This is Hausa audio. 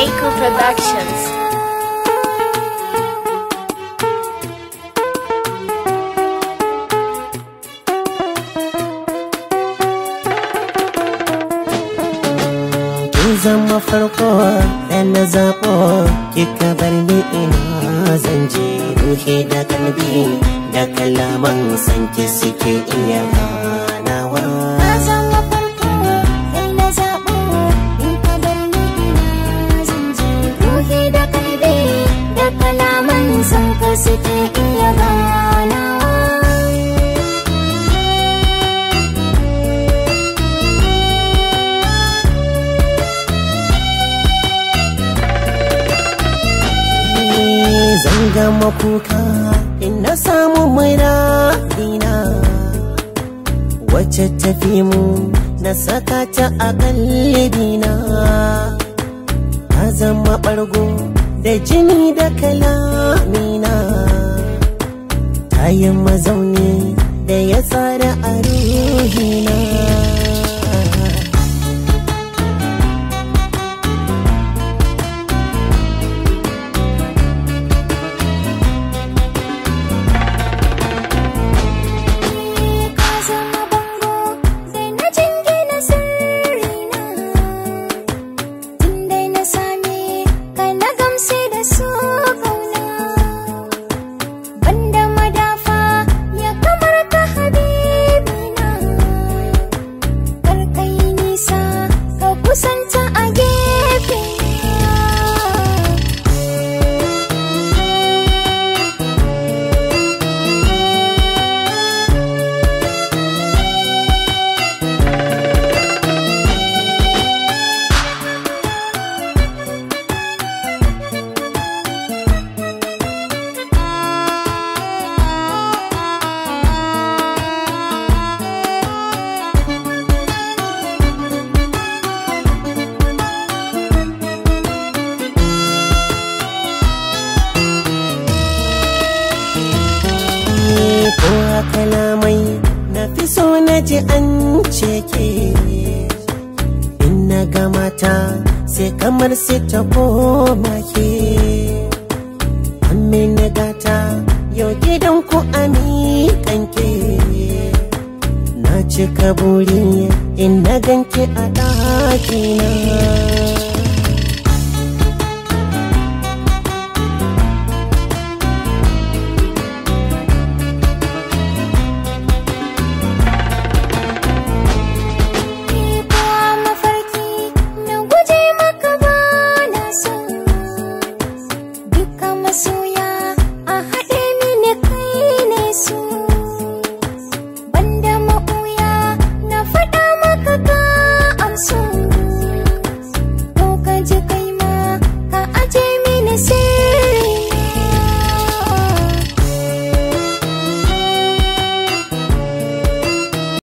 Mako Productions. zama farko da na kika bar ni ina zan je da kalbi da kalaman suke iya ba suke iya gana Zan gama kuka ina samu mai dina wacce tafi mu na saka ta a kallibina ta zama ɓargo da jini da kala so na ji an ceke in na ga mata sai kamar sai ta koma ke amina gata yau gidan ku amikanke na cika buri in na ganke a ɗakina